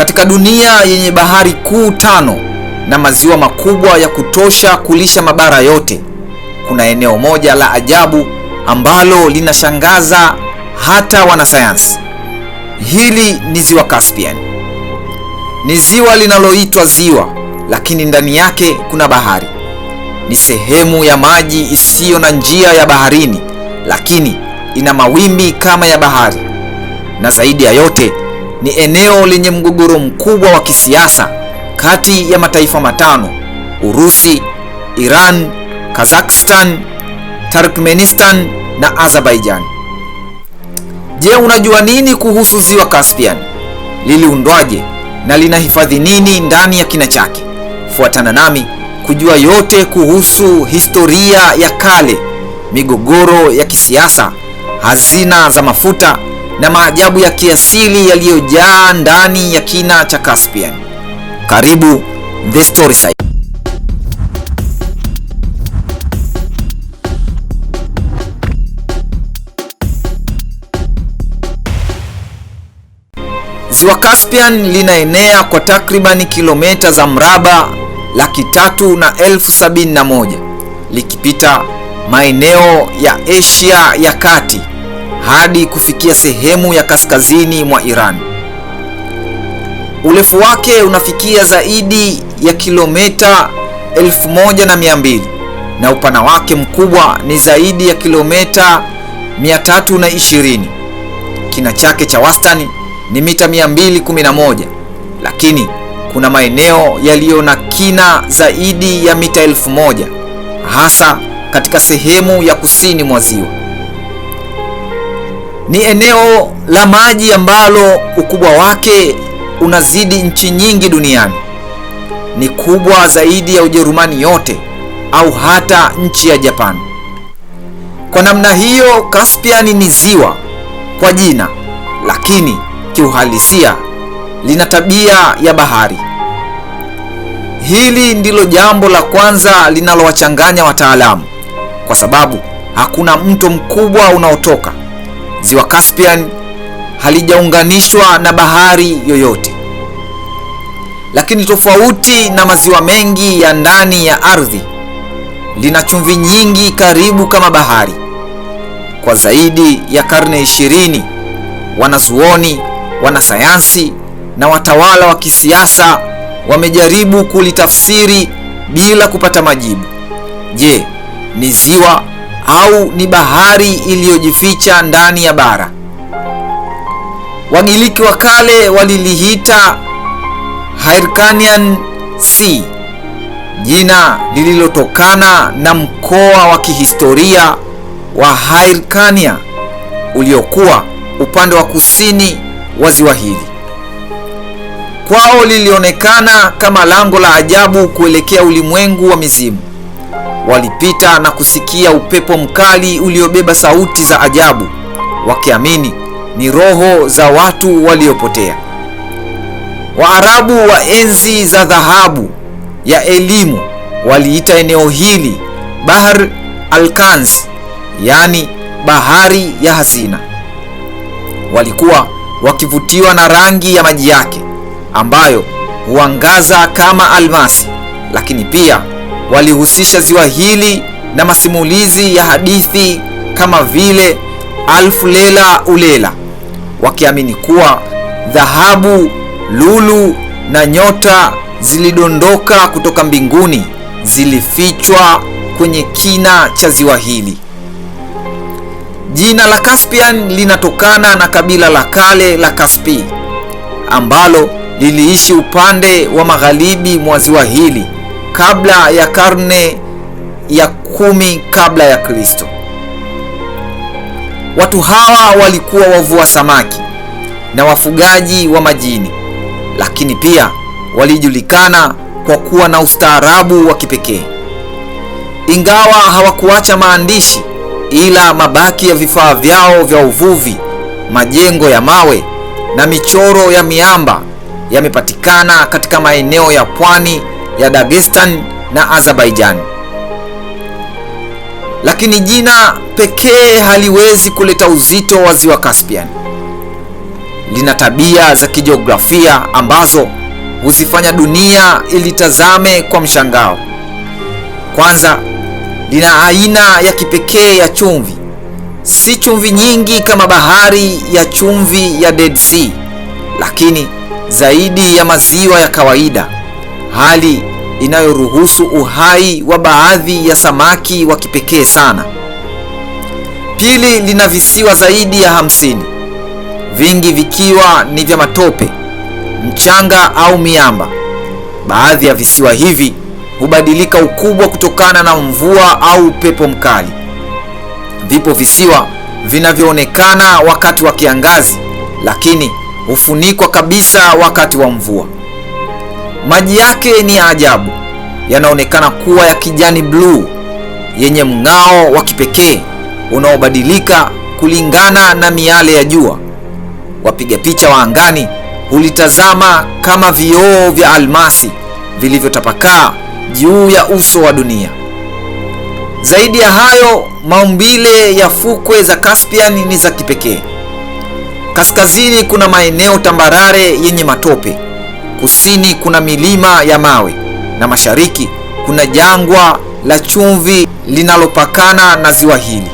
Katika dunia yenye bahari kuu tano na maziwa makubwa ya kutosha kulisha mabara yote, kuna eneo moja la ajabu ambalo linashangaza hata wanasayansi. Hili ni ziwa Caspian. Ni ziwa linaloitwa ziwa, lakini ndani yake kuna bahari. Ni sehemu ya maji isiyo na njia ya baharini, lakini ina mawimbi kama ya bahari, na zaidi ya yote ni eneo lenye mgogoro mkubwa wa kisiasa kati ya mataifa matano: Urusi, Iran, Kazakhstan, Turkmenistan na Azerbaijan. Je, unajua nini kuhusu ziwa Caspian? Liliundwaje na linahifadhi nini ndani ya kina chake? Fuatana nami kujua yote kuhusu historia ya kale, migogoro ya kisiasa, hazina za mafuta na maajabu ya kiasili yaliyojaa ndani ya kina cha Caspian. Karibu The Story Side. Ziwa Caspian linaenea kwa takribani kilomita za mraba laki tatu na elfu sabini na moja likipita maeneo ya Asia ya kati hadi kufikia sehemu ya kaskazini mwa Iran. Urefu wake unafikia zaidi ya kilomita 1200 na upana wake mkubwa ni zaidi ya kilomita 320. Kina chake cha wastani ni mita 211, lakini kuna maeneo yaliyo na kina zaidi ya mita 1000 hasa katika sehemu ya kusini mwa ziwa. Ni eneo la maji ambalo ukubwa wake unazidi nchi nyingi duniani. Ni kubwa zaidi ya Ujerumani yote au hata nchi ya Japan. Kwa namna hiyo, Caspian ni ziwa kwa jina, lakini kiuhalisia lina tabia ya bahari. Hili ndilo jambo la kwanza linalowachanganya wataalamu, kwa sababu hakuna mto mkubwa unaotoka Ziwa Caspian halijaunganishwa na bahari yoyote, lakini tofauti na maziwa mengi ya ndani ya ardhi, lina chumvi nyingi karibu kama bahari. Kwa zaidi ya karne ishirini, wanazuoni, wanasayansi na watawala wa kisiasa wamejaribu kulitafsiri bila kupata majibu. Je, ni ziwa au ni bahari iliyojificha ndani ya bara. Wagiriki wa kale walilihita Hyrcanian Sea, jina lililotokana na mkoa wa kihistoria wa Hyrcania uliokuwa upande wa kusini wa ziwa hili. Kwao lilionekana kama lango la ajabu kuelekea ulimwengu wa mizimu. Walipita na kusikia upepo mkali uliobeba sauti za ajabu, wakiamini ni roho za watu waliopotea. Waarabu wa enzi za dhahabu ya elimu waliita eneo hili Bahr al-Kanz, yaani bahari ya hazina. Walikuwa wakivutiwa na rangi ya maji yake ambayo huangaza kama almasi, lakini pia walihusisha ziwa hili na masimulizi ya hadithi kama vile Alfu Lela Ulela, wakiamini kuwa dhahabu, lulu na nyota zilidondoka kutoka mbinguni, zilifichwa kwenye kina cha ziwa hili. Jina la Caspian linatokana na kabila la kale la caspi ambalo liliishi upande wa magharibi mwa ziwa hili kabla ya karne ya kumi kabla ya Kristo. Watu hawa walikuwa wavua samaki na wafugaji wa majini, lakini pia walijulikana kwa kuwa na ustaarabu wa kipekee. Ingawa hawakuacha maandishi, ila mabaki ya vifaa vyao vya uvuvi, majengo ya mawe na michoro ya miamba yamepatikana katika maeneo ya pwani ya Dagestan na Azerbaijan. Lakini jina pekee haliwezi kuleta uzito wa ziwa Caspian. Lina tabia za kijiografia ambazo huzifanya dunia ilitazame kwa mshangao. Kwanza, lina aina ya kipekee ya chumvi. Si chumvi nyingi kama bahari ya chumvi ya Dead Sea, lakini zaidi ya maziwa ya kawaida, hali inayoruhusu uhai wa baadhi ya samaki wa kipekee sana. Pili lina visiwa zaidi ya hamsini, vingi vikiwa ni vya matope, mchanga au miamba. Baadhi ya visiwa hivi hubadilika ukubwa kutokana na mvua au upepo mkali. Vipo visiwa vinavyoonekana wakati wa kiangazi, lakini hufunikwa kabisa wakati wa mvua. Maji yake ni ya ajabu, yanaonekana kuwa ya kijani bluu yenye mng'ao wa kipekee unaobadilika kulingana na miale ya jua. Wapiga picha wa angani hulitazama kama vioo vya almasi vilivyotapakaa juu ya uso wa dunia. Zaidi ya hayo, maumbile ya fukwe za Caspian ni za kipekee. Kaskazini kuna maeneo tambarare yenye matope kusini kuna milima ya mawe na mashariki kuna jangwa la chumvi linalopakana na ziwa hili.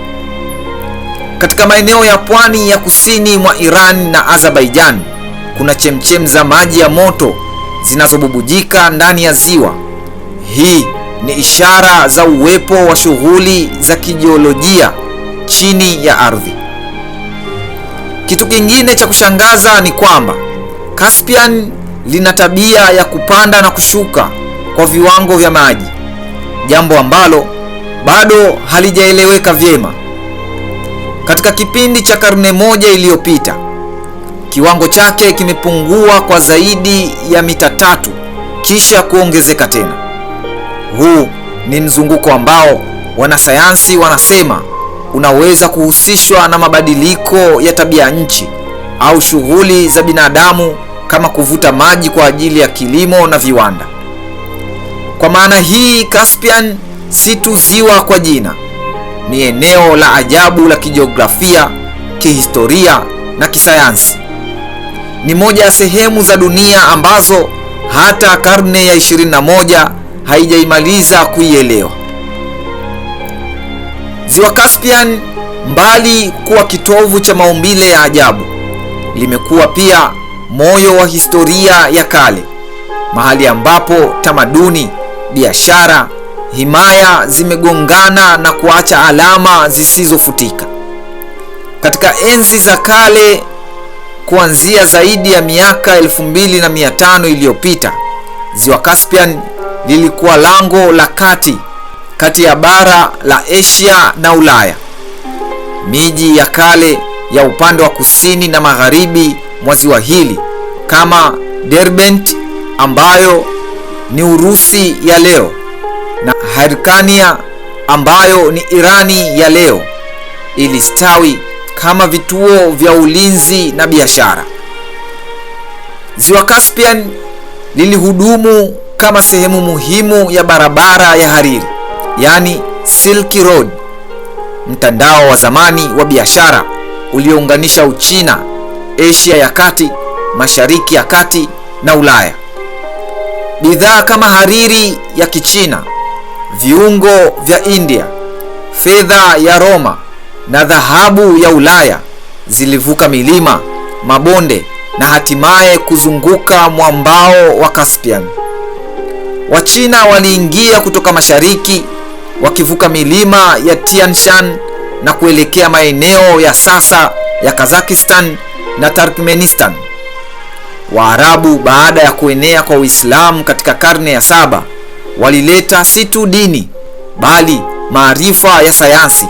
Katika maeneo ya pwani ya kusini mwa Iran na Azerbaijan kuna chemchem za maji ya moto zinazobubujika ndani ya ziwa. Hii ni ishara za uwepo wa shughuli za kijiolojia chini ya ardhi. Kitu kingine cha kushangaza ni kwamba Caspian lina tabia ya kupanda na kushuka kwa viwango vya maji, jambo ambalo bado halijaeleweka vyema. Katika kipindi cha karne moja iliyopita, kiwango chake kimepungua kwa zaidi ya mita tatu kisha kuongezeka tena. Huu ni mzunguko ambao wanasayansi wanasema unaweza kuhusishwa na mabadiliko ya tabia nchi au shughuli za binadamu kama kuvuta maji kwa ajili ya kilimo na viwanda. Kwa maana hii Caspian si tu ziwa kwa jina, ni eneo la ajabu la kijiografia, kihistoria na kisayansi. Ni moja ya sehemu za dunia ambazo hata karne ya 21 haijaimaliza kuielewa. Ziwa Caspian, mbali kuwa kitovu cha maumbile ya ajabu, limekuwa pia moyo wa historia ya kale, mahali ambapo tamaduni, biashara, himaya zimegongana na kuacha alama zisizofutika. Katika enzi za kale kuanzia zaidi ya miaka 2500 iliyopita, Ziwa Caspian lilikuwa lango la kati kati ya bara la Asia na Ulaya. Miji ya kale ya upande wa kusini na magharibi mwa ziwa hili kama Derbent ambayo ni Urusi ya leo na Hirkania ambayo ni Irani ya leo ilistawi kama vituo vya ulinzi na biashara. Ziwa Caspian lilihudumu kama sehemu muhimu ya barabara ya hariri, yaani Silk Road, mtandao wa zamani wa biashara uliounganisha Uchina Asia ya Kati, Mashariki ya Kati na Ulaya. Bidhaa kama hariri ya Kichina, viungo vya India, fedha ya Roma na dhahabu ya Ulaya zilivuka milima, mabonde na hatimaye kuzunguka mwambao wa Caspian. Wachina waliingia kutoka mashariki wakivuka milima ya Tian Shan na kuelekea maeneo ya sasa ya Kazakhstan na Turkmenistan. Waarabu baada ya kuenea kwa Uislamu katika karne ya saba walileta si tu dini bali maarifa ya sayansi,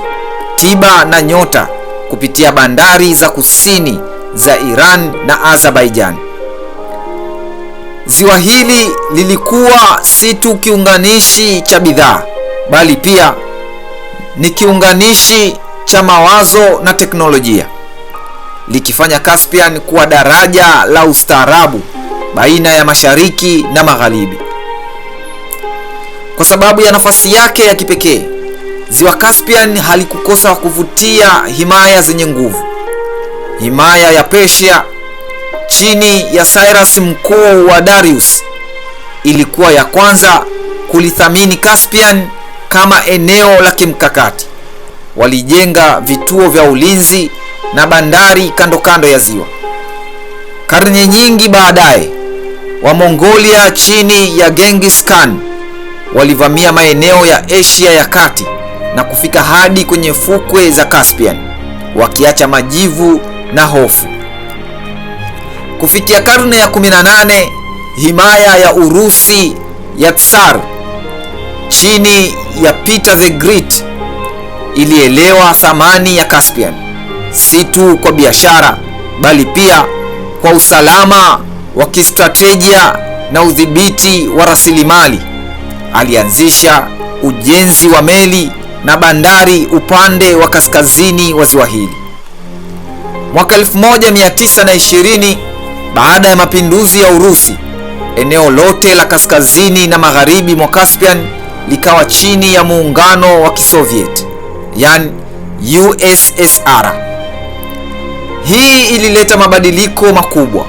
tiba na nyota kupitia bandari za kusini za Iran na Azerbaijan. Ziwa hili lilikuwa si tu kiunganishi cha bidhaa bali pia ni kiunganishi cha mawazo na teknolojia likifanya Caspian kuwa daraja la ustaarabu baina ya mashariki na magharibi. Kwa sababu ya nafasi yake ya kipekee, ziwa Caspian halikukosa kuvutia himaya zenye nguvu. Himaya ya Persia chini ya Cyrus mkuu wa Darius ilikuwa ya kwanza kulithamini Caspian kama eneo la kimkakati. Walijenga vituo vya ulinzi na bandari kando kando ya ziwa. Karne nyingi baadaye, Wamongolia chini ya Genghis Khan walivamia maeneo ya Asia ya kati na kufika hadi kwenye fukwe za Caspian, wakiacha majivu na hofu. Kufikia karne ya 18, himaya ya Urusi ya Tsar chini ya Peter the Great ilielewa thamani ya Caspian si tu kwa biashara, bali pia kwa usalama wa kistratejia na udhibiti wa rasilimali. Alianzisha ujenzi wa meli na bandari upande wa kaskazini wa ziwa hili. Mwaka 1920 baada ya mapinduzi ya Urusi, eneo lote la kaskazini na magharibi mwa Caspian likawa chini ya muungano wa Kisoviet, yani USSR. Hii ilileta mabadiliko makubwa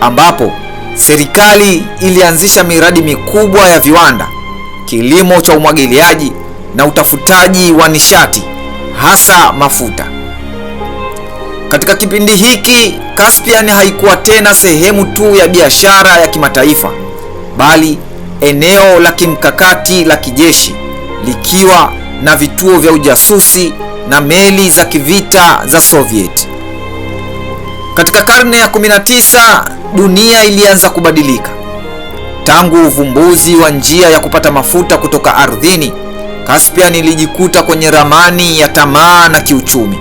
ambapo serikali ilianzisha miradi mikubwa ya viwanda, kilimo cha umwagiliaji na utafutaji wa nishati hasa mafuta. Katika kipindi hiki, Caspian haikuwa tena sehemu tu ya biashara ya kimataifa bali eneo la kimkakati la kijeshi likiwa na vituo vya ujasusi na meli za kivita za Soviet. Katika karne ya 19 dunia ilianza kubadilika. Tangu uvumbuzi wa njia ya kupata mafuta kutoka ardhini, Caspian ilijikuta kwenye ramani ya tamaa na kiuchumi.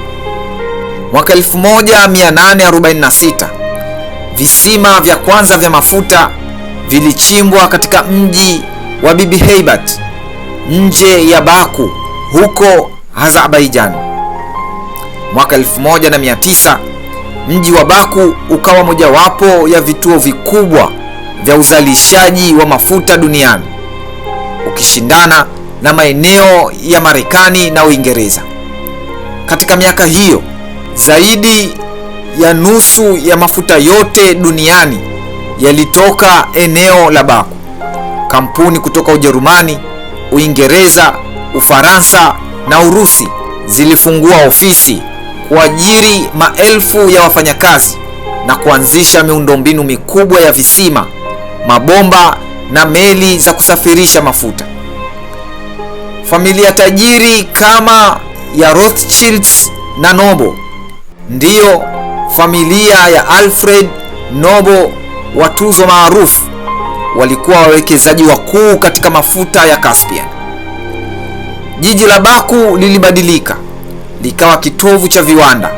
Mwaka 1846 visima vya kwanza vya mafuta vilichimbwa katika mji wa Bibi Heibat nje ya Baku huko Azerbaijan. Mwaka 1900 Mji wa Baku ukawa mojawapo ya vituo vikubwa vya uzalishaji wa mafuta duniani, ukishindana na maeneo ya Marekani na Uingereza. Katika miaka hiyo, zaidi ya nusu ya mafuta yote duniani yalitoka eneo la Baku. Kampuni kutoka Ujerumani, Uingereza, Ufaransa na Urusi zilifungua ofisi kuajiri maelfu ya wafanyakazi na kuanzisha miundombinu mikubwa ya visima, mabomba na meli za kusafirisha mafuta. Familia tajiri kama ya Rothschilds na Noble ndiyo familia ya Alfred Noble, watuzo maarufu, walikuwa wawekezaji wakuu katika mafuta ya Caspian. Jiji la Baku lilibadilika likawa kitovu cha viwanda,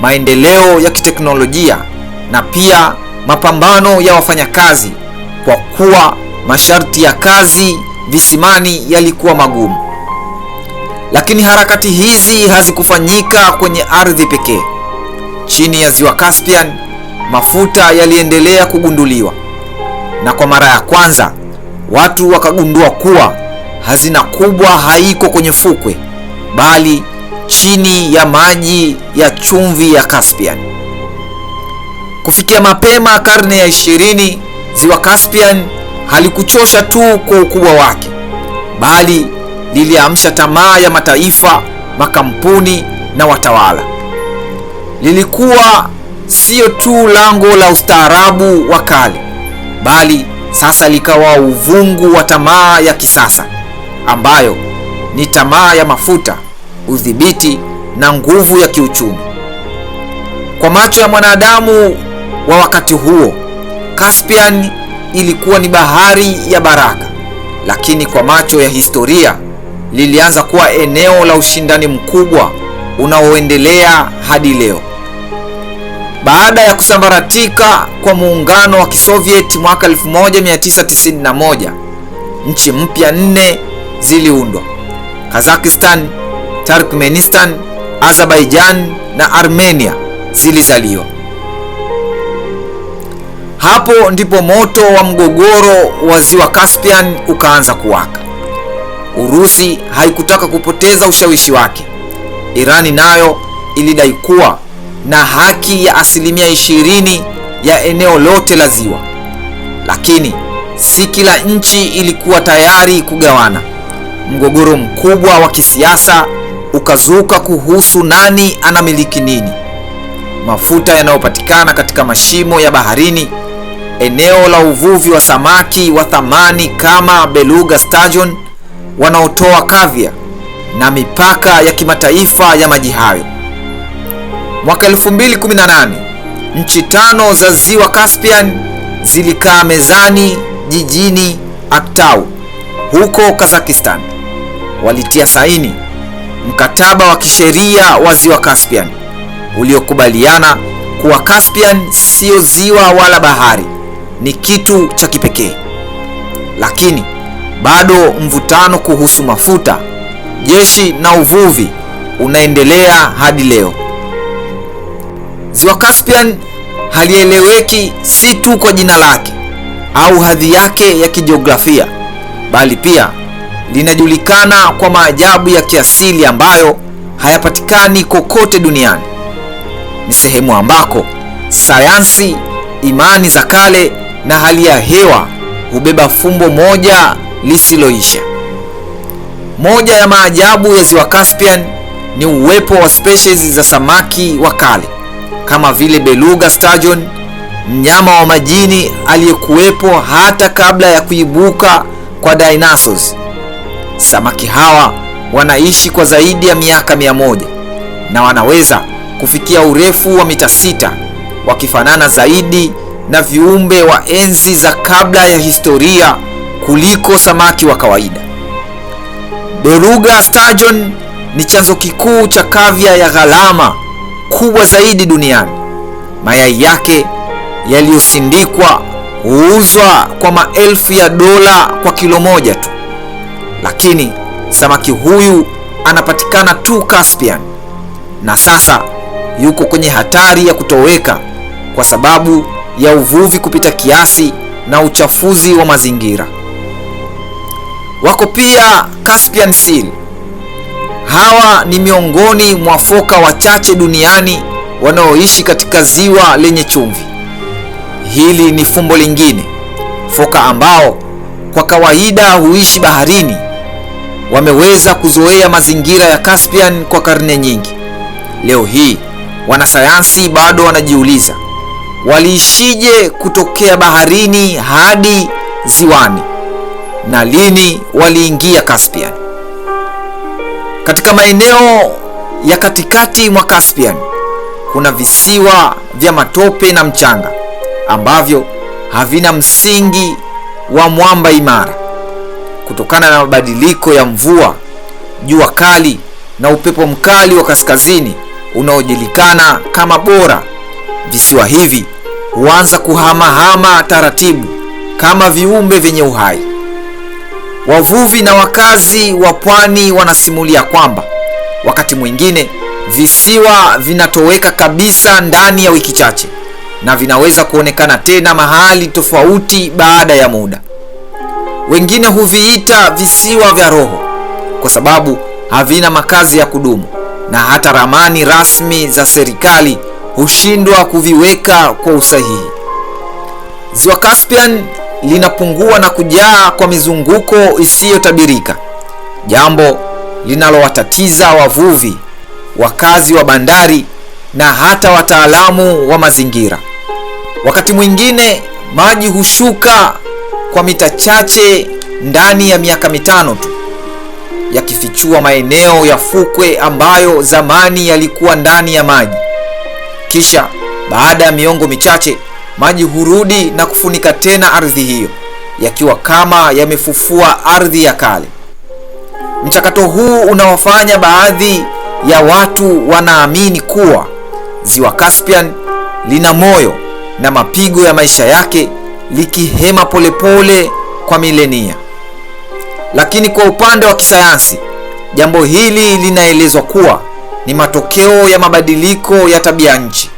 maendeleo ya kiteknolojia na pia mapambano ya wafanyakazi, kwa kuwa masharti ya kazi visimani yalikuwa magumu. Lakini harakati hizi hazikufanyika kwenye ardhi pekee. Chini ya ziwa Caspian, mafuta yaliendelea kugunduliwa, na kwa mara ya kwanza watu wakagundua kuwa hazina kubwa haiko kwenye fukwe, bali chini ya maji ya chumvi ya Caspian. Kufikia mapema karne ya ishirini, ziwa Caspian halikuchosha tu kwa ukubwa wake, bali liliamsha tamaa ya mataifa, makampuni na watawala. Lilikuwa sio tu lango la ustaarabu wa kale, bali sasa likawa uvungu wa tamaa ya kisasa ambayo ni tamaa ya mafuta udhibiti na nguvu ya kiuchumi. Kwa macho ya mwanadamu wa wakati huo, Caspian ilikuwa ni bahari ya baraka, lakini kwa macho ya historia lilianza kuwa eneo la ushindani mkubwa unaoendelea hadi leo. Baada ya kusambaratika kwa muungano wa kisoviet mwaka 1991, nchi mpya nne ziliundwa: Kazakhstan, Turkmenistan, Azerbaijan na Armenia zilizaliwa. Hapo ndipo moto wa mgogoro wa ziwa Caspian ukaanza kuwaka. Urusi haikutaka kupoteza ushawishi wake. Irani nayo ilidai kuwa na haki ya asilimia ishirini ya eneo lote la ziwa, lakini si kila nchi ilikuwa tayari kugawana. Mgogoro mkubwa wa kisiasa kuzukazuka kuhusu nani anamiliki nini. Mafuta yanayopatikana katika mashimo ya baharini, eneo la uvuvi wa samaki wa thamani kama beluga sturgeon wanaotoa kavya na mipaka ya kimataifa ya maji hayo. Mwaka 2018 nchi tano za ziwa Caspian zilikaa mezani jijini Aktau huko Kazakhstan, walitia saini mkataba wa kisheria wa ziwa Caspian uliokubaliana kuwa Caspian siyo ziwa wala bahari, ni kitu cha kipekee. Lakini bado mvutano kuhusu mafuta, jeshi na uvuvi unaendelea hadi leo. Ziwa Caspian halieleweki si tu kwa jina lake au hadhi yake ya kijiografia, bali pia linajulikana kwa maajabu ya kiasili ambayo hayapatikani kokote duniani. Ni sehemu ambako sayansi, imani za kale na hali ya hewa hubeba fumbo moja lisiloisha. Moja ya maajabu ya ziwa Caspian ni uwepo wa species za samaki wa kale kama vile beluga sturgeon, mnyama wa majini aliyekuwepo hata kabla ya kuibuka kwa dinosaurs. Samaki hawa wanaishi kwa zaidi ya miaka mia moja na wanaweza kufikia urefu wa mita sita wakifanana zaidi na viumbe wa enzi za kabla ya historia kuliko samaki wa kawaida. Beluga sturgeon ni chanzo kikuu cha kavya ya gharama kubwa zaidi duniani. Mayai yake yaliyosindikwa huuzwa kwa maelfu ya dola kwa kilo moja tu lakini samaki huyu anapatikana tu Caspian na sasa yuko kwenye hatari ya kutoweka kwa sababu ya uvuvi kupita kiasi na uchafuzi wa mazingira. Wako pia Caspian seal. Hawa ni miongoni mwa foka wachache duniani wanaoishi katika ziwa lenye chumvi. Hili ni fumbo lingine, foka ambao kwa kawaida huishi baharini wameweza kuzoea mazingira ya Caspian kwa karne nyingi. Leo hii wanasayansi bado wanajiuliza waliishije kutokea baharini hadi ziwani na lini waliingia Caspian. Katika maeneo ya katikati mwa Caspian kuna visiwa vya matope na mchanga ambavyo havina msingi wa mwamba imara kutokana na mabadiliko ya mvua, jua kali na upepo mkali wa kaskazini unaojulikana kama bora. Visiwa hivi huanza kuhamahama taratibu kama viumbe vyenye uhai. Wavuvi na wakazi wa pwani wanasimulia kwamba wakati mwingine visiwa vinatoweka kabisa ndani ya wiki chache na vinaweza kuonekana tena mahali tofauti baada ya muda. Wengine huviita visiwa vya roho kwa sababu havina makazi ya kudumu, na hata ramani rasmi za serikali hushindwa kuviweka kwa usahihi. Ziwa Caspian linapungua na kujaa kwa mizunguko isiyotabirika, jambo linalowatatiza wavuvi, wakazi wa bandari na hata wataalamu wa mazingira. Wakati mwingine maji hushuka kwa mita chache ndani ya miaka mitano tu, yakifichua maeneo ya fukwe ambayo zamani yalikuwa ndani ya maji. Kisha baada ya miongo michache maji hurudi na kufunika tena ardhi hiyo, yakiwa kama yamefufua ardhi ya kale. Mchakato huu unawafanya baadhi ya watu wanaamini kuwa Ziwa Caspian lina moyo na mapigo ya maisha yake likihema polepole kwa milenia. Lakini kwa upande wa kisayansi, jambo hili linaelezwa kuwa ni matokeo ya mabadiliko ya tabia nchi,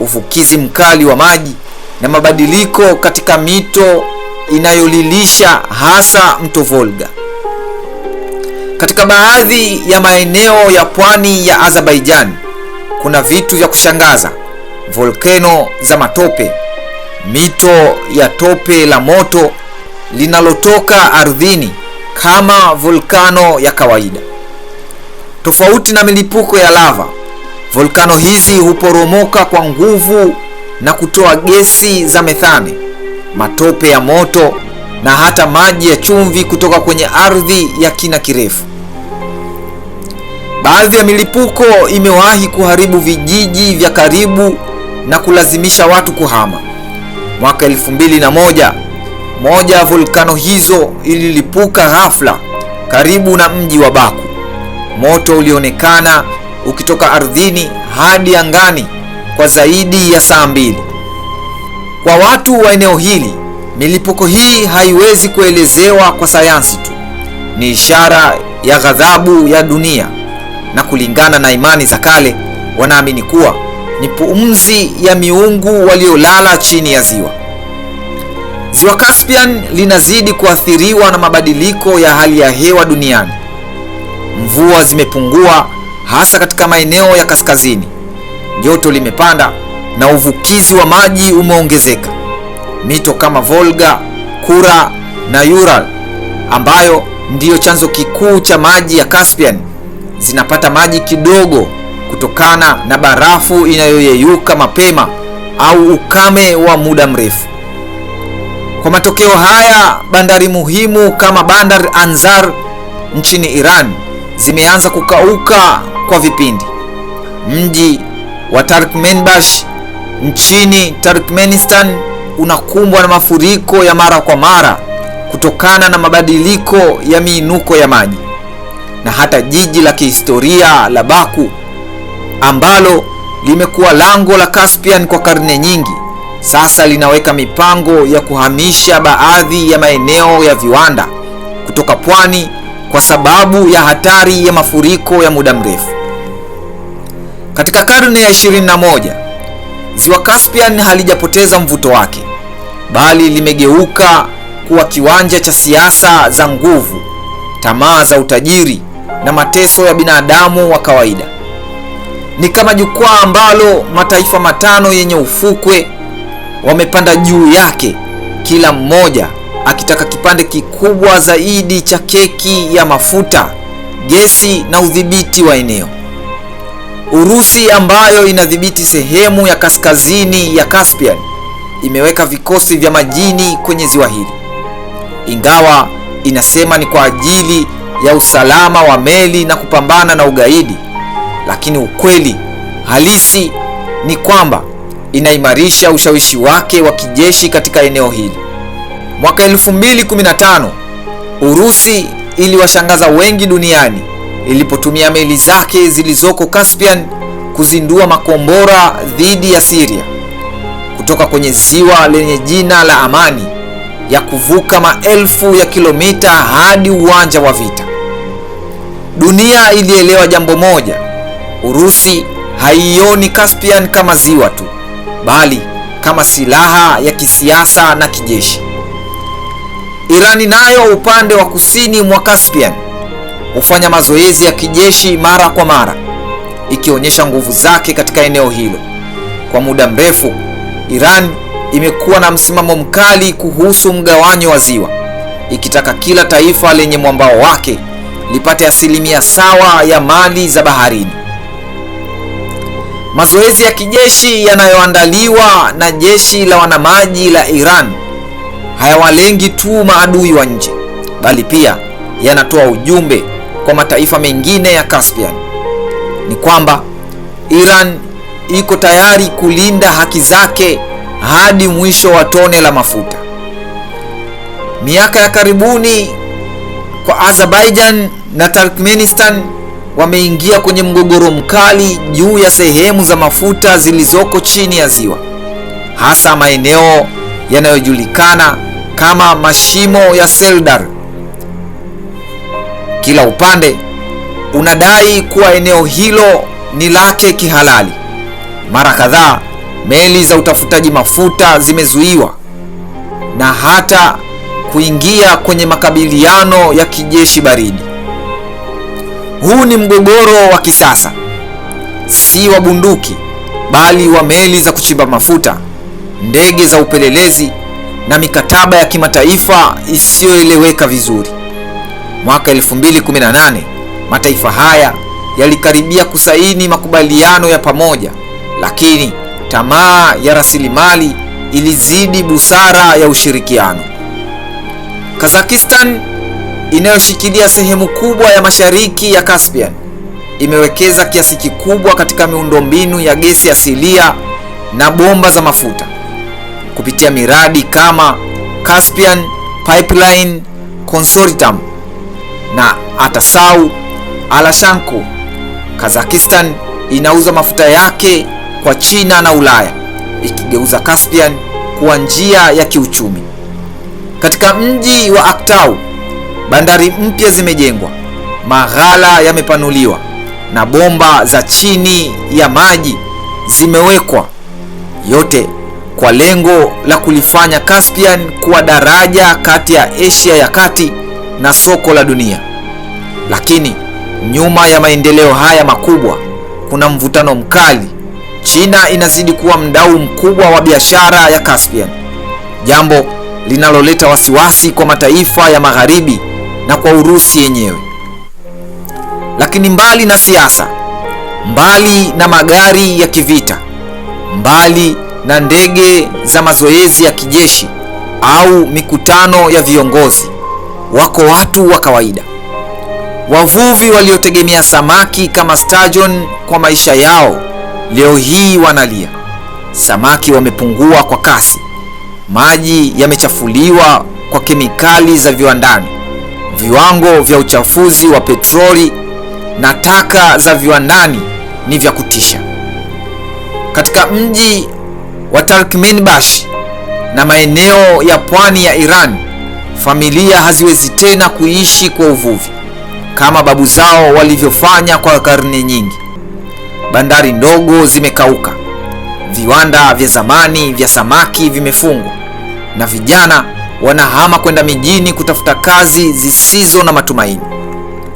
uvukizi mkali wa maji na mabadiliko katika mito inayolilisha hasa mto Volga. Katika baadhi ya maeneo ya pwani ya Azerbaijan kuna vitu vya kushangaza: volkeno za matope mito ya tope la moto linalotoka ardhini kama volkano ya kawaida. Tofauti na milipuko ya lava, volkano hizi huporomoka kwa nguvu na kutoa gesi za methane, matope ya moto na hata maji ya chumvi kutoka kwenye ardhi ya kina kirefu. Baadhi ya milipuko imewahi kuharibu vijiji vya karibu na kulazimisha watu kuhama mwaka 2001. Moja ya volkano hizo ililipuka ghafla karibu na mji wa Baku. Moto ulionekana ukitoka ardhini hadi angani kwa zaidi ya saa mbili. Kwa watu wa eneo hili, milipuko hii haiwezi kuelezewa kwa sayansi tu. Ni ishara ya ghadhabu ya dunia, na kulingana na imani za kale, wanaamini kuwa ni pumzi ya miungu waliolala chini ya ziwa. Ziwa Caspian linazidi kuathiriwa na mabadiliko ya hali ya hewa duniani. Mvua zimepungua hasa katika maeneo ya kaskazini, joto limepanda na uvukizi wa maji umeongezeka. Mito kama Volga, Kura na Ural ambayo ndiyo chanzo kikuu cha maji ya Caspian zinapata maji kidogo kutokana na barafu inayoyeyuka mapema au ukame wa muda mrefu. Kwa matokeo haya, bandari muhimu kama Bandar Anzar nchini Iran zimeanza kukauka kwa vipindi. Mji wa Turkmenbash nchini Turkmenistan unakumbwa na mafuriko ya mara kwa mara kutokana na mabadiliko ya miinuko ya maji, na hata jiji la kihistoria la Baku ambalo limekuwa lango la Caspian kwa karne nyingi, sasa linaweka mipango ya kuhamisha baadhi ya maeneo ya viwanda kutoka pwani kwa sababu ya hatari ya mafuriko ya muda mrefu. Katika karne ya 21, ziwa Caspian halijapoteza mvuto wake, bali limegeuka kuwa kiwanja cha siasa za nguvu, tamaa za utajiri na mateso ya binadamu wa kawaida ni kama jukwaa ambalo mataifa matano yenye ufukwe wamepanda juu yake, kila mmoja akitaka kipande kikubwa zaidi cha keki ya mafuta, gesi na udhibiti wa eneo. Urusi ambayo inadhibiti sehemu ya kaskazini ya Caspian imeweka vikosi vya majini kwenye ziwa hili, ingawa inasema ni kwa ajili ya usalama wa meli na kupambana na ugaidi lakini ukweli halisi ni kwamba inaimarisha ushawishi wake wa kijeshi katika eneo hili. Mwaka 2015 Urusi iliwashangaza wengi duniani ilipotumia meli zake zilizoko Caspian kuzindua makombora dhidi ya Syria kutoka kwenye ziwa lenye jina la amani ya kuvuka maelfu ya kilomita hadi uwanja wa vita. Dunia ilielewa jambo moja Urusi haioni Caspian kama ziwa tu, bali kama silaha ya kisiasa na kijeshi. Irani nayo upande wa kusini mwa Caspian hufanya mazoezi ya kijeshi mara kwa mara, ikionyesha nguvu zake katika eneo hilo. Kwa muda mrefu, Iran imekuwa na msimamo mkali kuhusu mgawanyo wa ziwa, ikitaka kila taifa lenye mwambao wake lipate asilimia sawa ya mali za baharini. Mazoezi ya kijeshi yanayoandaliwa na jeshi la wanamaji la Iran hayawalengi tu maadui wa nje, bali pia yanatoa ujumbe kwa mataifa mengine ya Caspian. Ni kwamba Iran iko tayari kulinda haki zake hadi mwisho wa tone la mafuta. Miaka ya karibuni kwa Azerbaijan na Turkmenistan wameingia kwenye mgogoro mkali juu ya sehemu za mafuta zilizoko chini ya ziwa, hasa maeneo yanayojulikana kama mashimo ya Seldar. Kila upande unadai kuwa eneo hilo ni lake kihalali. Mara kadhaa meli za utafutaji mafuta zimezuiwa na hata kuingia kwenye makabiliano ya kijeshi baridi. Huu ni mgogoro wa kisasa, si wa bunduki, bali wa meli za kuchimba mafuta, ndege za upelelezi na mikataba ya kimataifa isiyoeleweka vizuri. Mwaka 2018 mataifa haya yalikaribia kusaini makubaliano ya pamoja, lakini tamaa ya rasilimali ilizidi busara ya ushirikiano. Kazakhstan inayoshikilia sehemu kubwa ya mashariki ya Caspian imewekeza kiasi kikubwa katika miundombinu ya gesi asilia na bomba za mafuta kupitia miradi kama Caspian Pipeline Consortium na Atasau Alashanko. Kazakhstan inauza mafuta yake kwa China na Ulaya ikigeuza Caspian kuwa njia ya kiuchumi. Katika mji wa Aktau bandari mpya zimejengwa, maghala yamepanuliwa na bomba za chini ya maji zimewekwa, yote kwa lengo la kulifanya Caspian kuwa daraja kati ya Asia ya kati na soko la dunia. Lakini nyuma ya maendeleo haya makubwa kuna mvutano mkali. China inazidi kuwa mdau mkubwa wa biashara ya Caspian, jambo linaloleta wasiwasi kwa mataifa ya magharibi na kwa Urusi yenyewe. Lakini mbali na siasa, mbali na magari ya kivita, mbali na ndege za mazoezi ya kijeshi au mikutano ya viongozi, wako watu wa kawaida, wavuvi waliotegemea samaki kama sturgeon kwa maisha yao. Leo hii wanalia, samaki wamepungua kwa kasi, maji yamechafuliwa kwa kemikali za viwandani. Viwango vya uchafuzi wa petroli na taka za viwandani ni vya kutisha. Katika mji wa Turkmenbash na maeneo ya pwani ya Iran, familia haziwezi tena kuishi kwa uvuvi kama babu zao walivyofanya kwa karne nyingi. Bandari ndogo zimekauka, viwanda vya zamani vya samaki vimefungwa na vijana wanahama kwenda mijini kutafuta kazi zisizo na matumaini.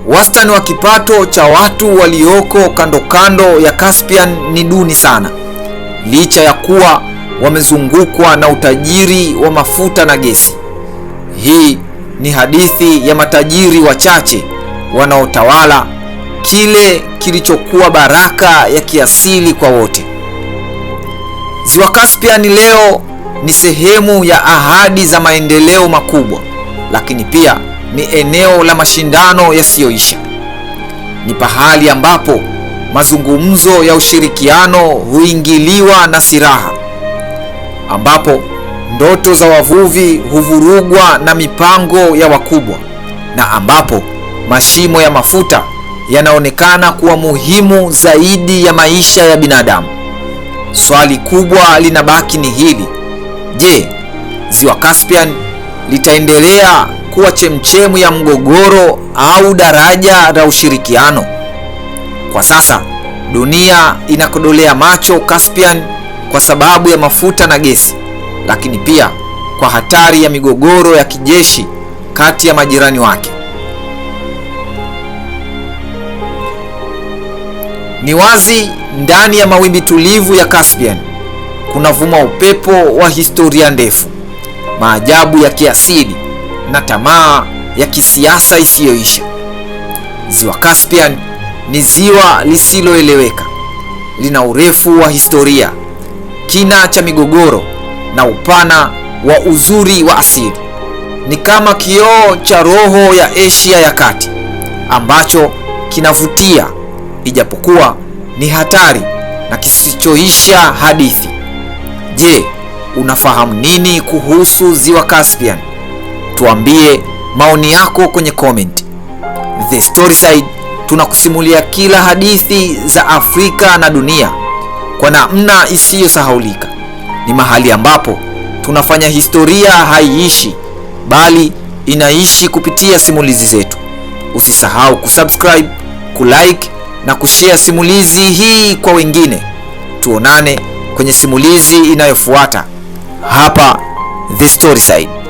Wastani wa kipato cha watu walioko kando kando ya Caspian ni duni sana, licha ya kuwa wamezungukwa na utajiri wa mafuta na gesi. Hii ni hadithi ya matajiri wachache wanaotawala kile kilichokuwa baraka ya kiasili kwa wote. Ziwa Caspian leo ni sehemu ya ahadi za maendeleo makubwa, lakini pia ni eneo la mashindano yasiyoisha. Ni pahali ambapo mazungumzo ya ushirikiano huingiliwa na silaha, ambapo ndoto za wavuvi huvurugwa na mipango ya wakubwa, na ambapo mashimo ya mafuta yanaonekana kuwa muhimu zaidi ya maisha ya binadamu. Swali kubwa linabaki ni hili: Je, ziwa Caspian litaendelea kuwa chemchemu ya mgogoro au daraja la ushirikiano? Kwa sasa dunia inakodolea macho Caspian kwa sababu ya mafuta na gesi, lakini pia kwa hatari ya migogoro ya kijeshi kati ya majirani wake. Ni wazi ndani ya mawimbi tulivu ya Caspian kunavuma upepo wa historia ndefu, maajabu ya kiasili na tamaa ya kisiasa isiyoisha. Ziwa Caspian ni ziwa lisiloeleweka, lina urefu wa historia, kina cha migogoro na upana wa uzuri wa asili. Ni kama kioo cha roho ya Asia ya Kati ambacho kinavutia ijapokuwa ni hatari na kisichoisha hadithi. Je, unafahamu nini kuhusu ziwa Caspian? Tuambie maoni yako kwenye comment. The Storyside tunakusimulia kila hadithi za Afrika na dunia kwa namna isiyosahaulika. Ni mahali ambapo tunafanya historia haiishi bali inaishi kupitia simulizi zetu. Usisahau kusubscribe, kulike na kushare simulizi hii kwa wengine. Tuonane kwenye simulizi inayofuata hapa The story side